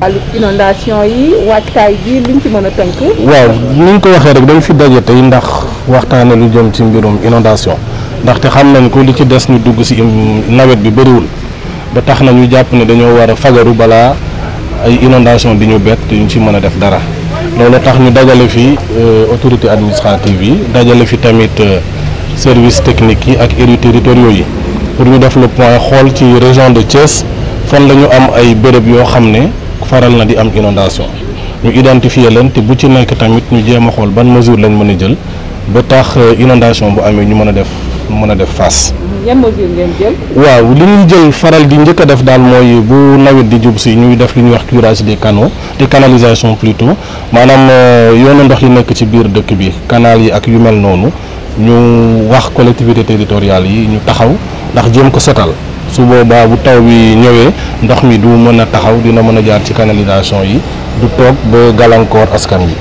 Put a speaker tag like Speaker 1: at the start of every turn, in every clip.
Speaker 1: wàllu yi waajtaay ji a tënk. waaw ni ñu ko waxee rek dañ fi daje tey ndax waxtaane lu jëm ci mbirum inondation ndaxte xam nañ ko li ci des ñu dugg si nawet bi bëriwul ba tax na ñu jàpp ne dañoo war a fagaru balaa ay inondation di ñu bett duñ ci mën a def dara loolu tax ñu dajale fi euh, autorité administrative yi dajale fi tamit euh, service technique yi ak élus territoriaux yi pour ñu def le point xool ci région de Thiès fan la ñu am ay bërëb yoo xam ne. faral na di am inondation ñu identifier leen te bu ci nekk tamit ñu jéem a xool ban mesure lañ mën a jël ba tax euh, inondation bu amee ñu mën a def mën a def face. yan waaw li ñuy jël faral di njëkk a def daal mooy bu nawet di jub si ñuy def li ñuy wax curage des canaux des canalisations plutôt maanaam euh, yoonu ndox yi nekk ci biir dëkk bi canal yi ak yu mel noonu ñu wax collectivité territoriale yi ñu taxaw ndax jéem ko setal. su boobaa bu taw bi ñëwee ndox mi du mën a taxaw dina mën a jaar ci canalisation yi du toog ba gàllankoor askan yi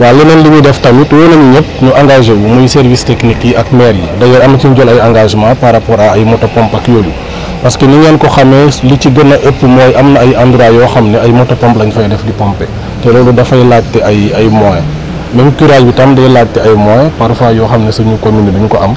Speaker 1: waaw leneen li muy def tamit woo nañu ñëpp ñu engagé wu muy service technique yi ak maire yi d'ailleurs am ci ñu ay engagement par rapport à ay moto pompe ak yooyu parce que ni ngeen ko xamee li ci gën a ëpp mooy am na ay endroit yoo xam ne ay moto pompe lañ fay def di pomper te loolu dafay laajte ay ay moyens même curage bi tam day laajte ay moyens parfois yoo xam ne suñu commune bi duñ ko am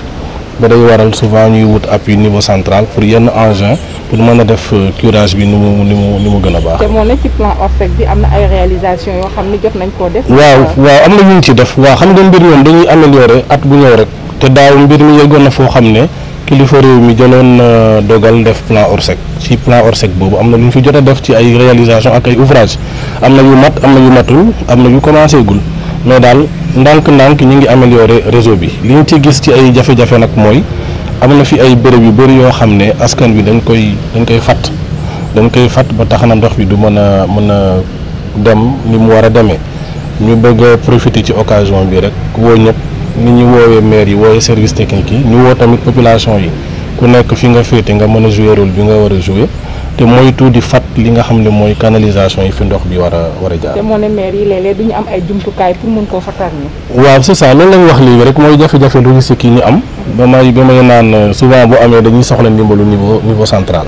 Speaker 1: ba day souvent ñuy wut appui niveau central pour yenn engin pour mën a def euh, curage bi ni mu ni mu mu gën a baax. te moo am na ay réalisations nañ koo def. waaw euh, waaw am ñu ci def waaw xam nga mbir ñoom dañuy améliorer at bu ñëw rek te daaw mbir mi yegoon na foo xam ne. kilifa réew mi jëloon dogal def plan Orsec ci plan Orsec boobu am na lu ñu fi jot a def ci ay réalisation ak ay ouvrage am na yu mat am na yu matul am na yu commencé gul mais daal ndànk-ndànk ñu ngi améliorer réseau bi li ñu ci gis ci ay jafe-jafe nag mooy am na fi ay bërëb yu bëri yoo xam ne askan bi dañ koy dañ koy fàtt dañ koy fàtt ba tax na ndox bi du mën a mën a dem ni mu war a demee ñu bëgg a profiter ci occasion bi rek woo ñëpp ni ñu woowee maire yi woowee service technique yi ñu woo tamit population yi ku nekk fi nga féete nga mën a jouer rôle bi nga war a jouer te moytu di fat li nga xam ne mooy canalisation yi fi ndox bi war a war a jaar. te moo ne maire yi léeg-léeg du ñu am ay jumtukaay pour mun koo fa ni waaw c'est ça loolu lañ wax léegi rek mooy jafe-jafe logistique yi ñu am. ba may ba may euh, souvent bu amé dañuy soxla ndimbalu niveau niveau central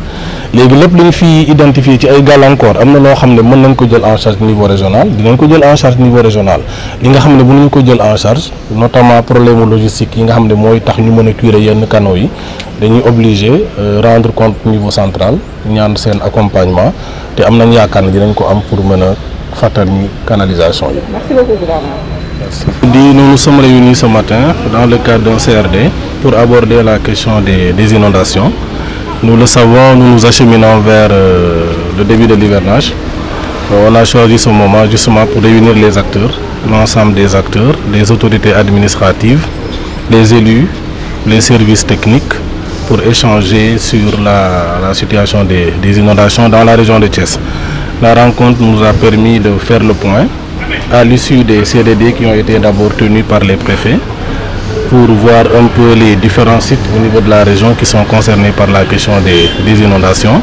Speaker 1: légui lepp lu fi identifier ci ay gàllankoor am na loo xam ne mën nañ ko jël en charge niveau régional dinañ ko jël en charge niveau régional li nga xamné ne ñu ko jël en charge notamment problème logistique yi nga xamné moy tax ñu mëna a curer yenn canaux yi dañuy obligé euh, rendre compte niveau central ñaan sen accompagnement té amnañ nañ yaakaar dinañ ko am pour mëna fatal ni canalisation yi. Merci beaucoup. Nous nous sommes réunis ce matin dans le cadre d'un CRD pour aborder la question des, inondations. Nous le savons, nous nous acheminons vers euh, le début de l'hivernage. On a choisi ce moment justement pour réunir les acteurs, l'ensemble des acteurs, les autorités administratives, les élus, les services techniques pour échanger sur la, situation des, inondations dans la région de Thiès. La rencontre nous a permis de faire le point à l'issue des CDD qui ont été d'abord tenus par les préfets pour voir un peu les différents sites au niveau de la région qui sont concernés par la question des, inondations,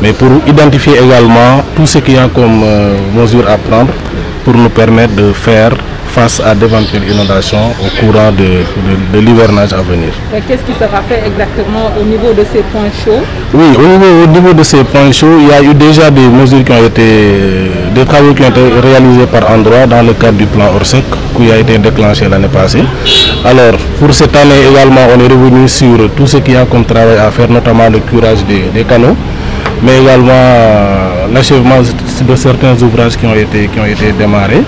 Speaker 1: mais pour identifier également tout ce qu'il y a comme euh, mesures à prendre pour nous permettre de faire face à d'éventuelles inondations au courant de, l'hivernage à venir. Qu'est-ce qui sera fait exactement au niveau de ces points chauds Oui, au niveau de ces points chauds, il y a eu déjà des mesures qui ont été des travaux qui ont été réalisés par endroit dans le cadre du plan Orsec qui a été déclenché l'année passée. Alors, pour cette année également, on est revenu sur tout ce qui y a comme travail à faire, notamment le curage des, canaux, mais également euh, l'achèvement de certains ouvrages qui ont été, qui ont été démarrés.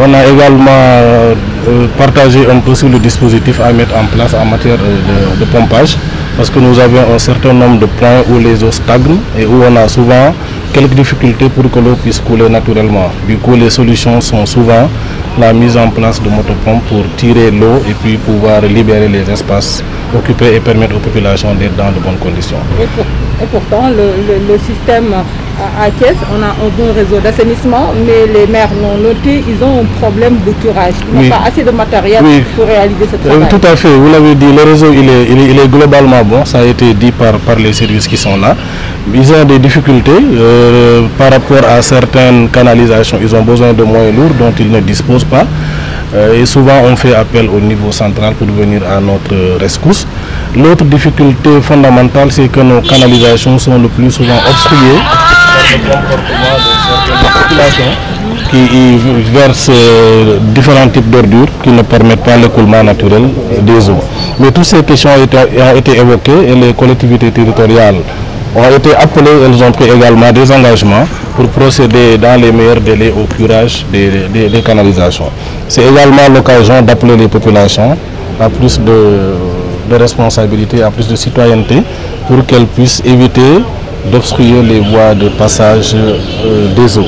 Speaker 1: On a également euh, euh, partagé un possible dispositif à mettre en place en matière de, de, pompage parce que nous avions un certain nombre de points où les eaux stagnent et où on a souvent quelques difficultés pour que l'eau puisse couler naturellement. Du coup, les solutions sont souvent la mise en place de motopompes pour tirer l'eau et puis pouvoir libérer les espaces occupés et permettre aux populations d'être dans de bonnes conditions. Et pourtant, le, système à caisse, on a un bon réseau d'assainissement, mais les maires l'ont noté, ils ont un problème curage. Ils n'ont pas assez de matériel pour réaliser cette euh, travail. tout à fait, vous l'avez dit, le réseau il est, globalement bon, ça a été dit par, par les services qui sont là. Ils ont des difficultés euh, par rapport à certaines canalisations, ils ont besoin de moyens lourds dont ils ne disposent pas. Euh, et souvent on fait appel au niveau central pour venir à notre rescousse. L'autre difficulté fondamentale, c'est que nos canalisations sont le plus souvent obstruées par comportement de populations qui versent euh, différents types d'ordures qui ne permettent pas l'écoulement naturel des eaux. Mais toutes ces questions ont été évoquées et les collectivités territoriales ont été appelées, elles ont pris également des engagements pour procéder dans les meilleurs délais au curage des, des canalisations. C'est également l'occasion d'appeler les populations à plus de de responsabilité, à plus de citoyenneté, pour qu'elle puisse éviter d'obstruer les voies de passage euh, des eaux.